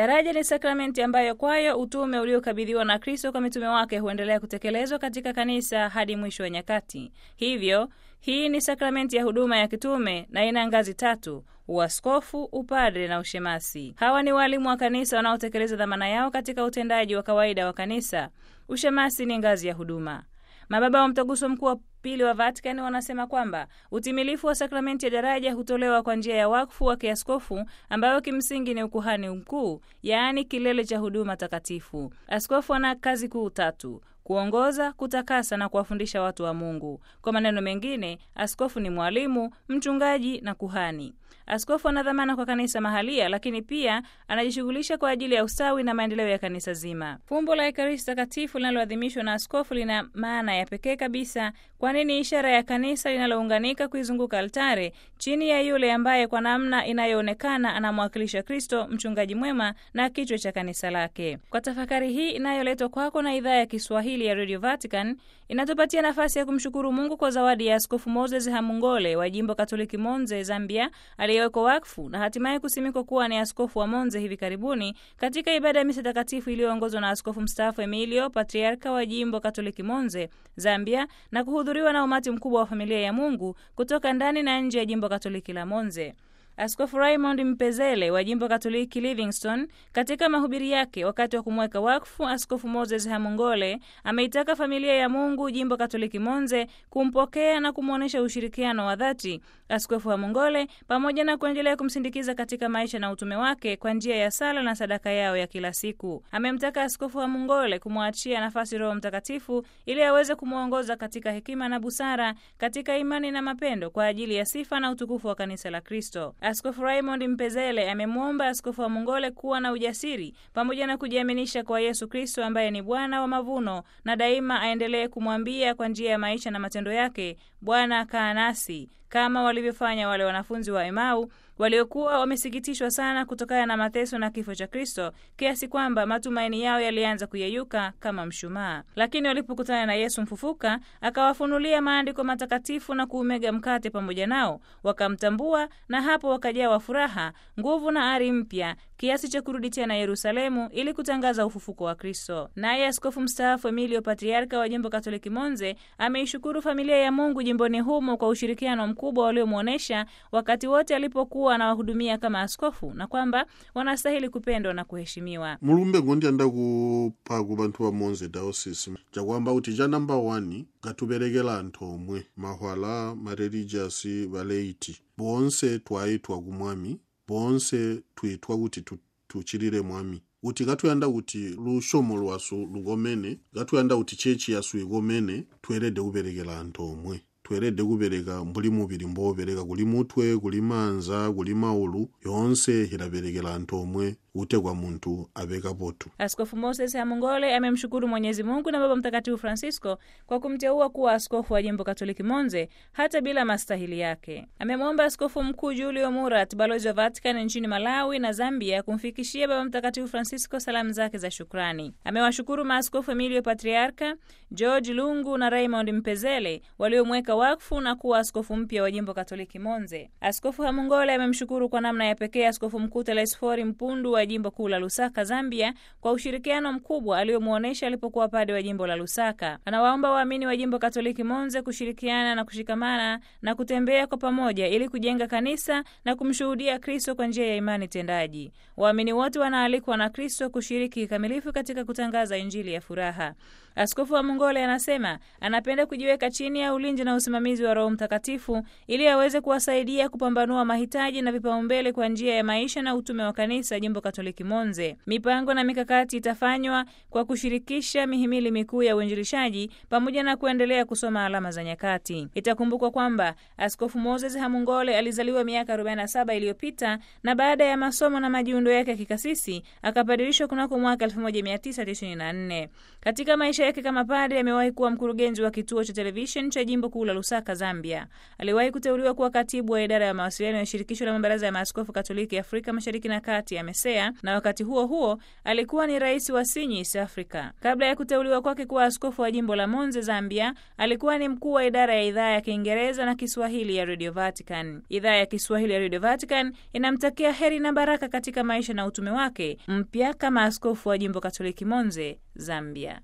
Daraja ni sakramenti ambayo kwayo utume uliokabidhiwa na Kristo kwa mitume wake huendelea kutekelezwa katika kanisa hadi mwisho wa nyakati. Hivyo hii ni sakramenti ya huduma ya kitume na ina ngazi tatu: uaskofu, upadre na ushemasi. Hawa ni waalimu wa kanisa wanaotekeleza dhamana yao katika utendaji wa kawaida wa kanisa. Ushemasi ni ngazi ya huduma. Mababa wa Mtaguso Mkuu pili wa Vatican wanasema kwamba utimilifu wa sakramenti ya daraja hutolewa kwa njia ya wakfu wa kiaskofu ambayo kimsingi ni ukuhani mkuu, yaani kilele cha huduma takatifu. Askofu ana kazi kuu tatu: kuongoza, kutakasa na kuwafundisha watu wa Mungu. Kwa maneno mengine, askofu ni mwalimu, mchungaji na kuhani. Askofu ana dhamana kwa kanisa mahalia, lakini pia anajishughulisha kwa ajili ya ustawi na maendeleo ya kanisa zima. Fumbo la Ekaristi Takatifu linaloadhimishwa na askofu lina maana ya pekee kabisa kwa kwani ni ishara ya kanisa linalounganika kuizunguka altare chini ya yule ambaye kwa namna inayoonekana anamwakilisha Kristo, mchungaji mwema na kichwa cha kanisa lake. Kwa tafakari hii inayoletwa kwako na idhaa ya Kiswahili ya Radio Vatican, inatupatia nafasi ya kumshukuru Mungu kwa zawadi ya Askofu Moses Hamungole wa jimbo Katoliki Monze, Zambia, aliyewekwa wakfu na hatimaye kusimikwa kuwa ni askofu wa Monze hivi karibuni katika ibada ya misa takatifu iliyoongozwa na askofu mstaafu Emilio, patriarka wa jimbo Katoliki Monze, Zambia na kuhudhuria kuhudhuriwa na umati mkubwa wa familia ya Mungu kutoka ndani na nje ya jimbo Katoliki la Monze. Askofu Raymond Mpezele wa jimbo Katoliki Livingstone, katika mahubiri yake wakati wa kumweka wakfu Askofu Moses Hamungole, ameitaka familia ya Mungu jimbo Katoliki Monze kumpokea na kumwonyesha ushirikiano wa dhati Askofu Hamungole, pamoja na kuendelea kumsindikiza katika maisha na utume wake kwa njia ya sala na sadaka yao ya kila siku. Amemtaka Askofu Hamungole kumwachia nafasi Roho Mtakatifu ili aweze kumwongoza katika hekima na busara, katika imani na mapendo kwa ajili ya sifa na utukufu wa kanisa la Kristo. Askofu Raymond Mpezele amemwomba askofu wa Mongole kuwa na ujasiri pamoja na kujiaminisha kwa Yesu Kristo ambaye ni Bwana wa mavuno, na daima aendelee kumwambia kwa njia ya maisha na matendo yake, Bwana kaa nasi, kama walivyofanya wale wanafunzi wa Emau waliokuwa wamesikitishwa sana kutokana na mateso na kifo cha Kristo kiasi kwamba matumaini yao yalianza kuyeyuka kama mshumaa. Lakini walipokutana na Yesu mfufuka, akawafunulia maandiko matakatifu na kuumega mkate pamoja nao, wakamtambua, na hapo wakajawa furaha, nguvu na ari mpya kiasi cha kurudi tena Yerusalemu ili kutangaza ufufuko wa Kristo. Naye askofu mstaafu Emilio Patriarka wa jimbo Katoliki Monze ameishukuru familia ya Mungu jimboni humo kwa ushirikiano mkubwa waliomwonyesha wakati wote alipokuwa anawahudumia kama askofu na kwamba wanastahili kupendwa na kuheshimiwa. mulumbe kupa ku bantu wa monze diocese cakwamba kuti ca namba 1 gatuberekela anthu omwe mahwala marelijiasi baleiti bonse twayi twakumwami bonse twitwa kuti tuchirire mwami kuti katuyanda kuti lushomo lwasu lukomene katuyanda kuti chechi yasu ikomene tuerede kuperekera anthu omwe tuerede kupereka mbuli muviri mbopereka kuli mutwe kuli manza kuli maulu yonse hidaperekera anthu omwe ute kwa muntu aveka potu. Askofu Moses Hamungole amemshukuru Mwenyezi Mungu na Baba Mtakatifu Francisco kwa kumteua kuwa askofu wa jimbo Katoliki Monze hata bila mastahili yake. Amemwomba askofu mkuu Julio Murat, balozi wa Vatican nchini Malawi na Zambia, kumfikishia Baba Mtakatifu Francisco salamu zake za shukrani. Amewashukuru maaskofu Emilio Patriarca, George Lungu na Raymond Mpezele waliomweka wakfu na kuwa askofu mpya wa jimbo Katoliki Monze. Askofu Hamungole amemshukuru kwa namna ya pekee askofu mkuu Telesfori Mpundu wa jimbo kuu la Lusaka, Zambia, kwa ushirikiano mkubwa aliyomwonyesha alipokuwa pade wa jimbo la Lusaka. Anawaomba waamini wa jimbo Katoliki Monze kushirikiana na kushikamana na kutembea kwa pamoja ili kujenga kanisa na kumshuhudia Kristo kwa njia ya imani tendaji. Waamini wote wanaalikwa na Kristo kushiriki kikamilifu katika kutangaza Injili ya furaha. Askofu wa Mongole anasema anapenda kujiweka chini ya ulinzi na usimamizi wa Roho Mtakatifu ili aweze kuwasaidia kupambanua mahitaji na vipaumbele kwa njia ya maisha na utume wa kanisa jimbo Katoliki Monze. Mipango na mikakati itafanywa kwa kushirikisha mihimili mikuu ya uinjilishaji pamoja na kuendelea kusoma alama za nyakati. Itakumbukwa kwamba Askofu Moses Hamungole alizaliwa miaka 47 iliyopita na baada ya masomo na majiundo yake ya kikasisi akapadirishwa kunako mwaka 1994. Katika maisha yake kama padre, amewahi kuwa mkurugenzi wa kituo cha televishen cha jimbo kuu la Lusaka, Zambia. Aliwahi kuteuliwa kuwa katibu wa idara ya mawasiliano ya shirikisho la mabaraza ya maaskofu Katoliki Afrika Mashariki na Kati ya Korea na wakati huo huo alikuwa ni rais wa Sinyi East Africa. Kabla ya kuteuliwa kwake kuwa askofu wa jimbo la Monze, Zambia, alikuwa ni mkuu wa idara ya idhaa ya Kiingereza na Kiswahili ya Radio Vatican. Idhaa ya Kiswahili ya Radio Vatican inamtakia heri na baraka katika maisha na utume wake mpya kama askofu wa jimbo Katoliki Monze, Zambia.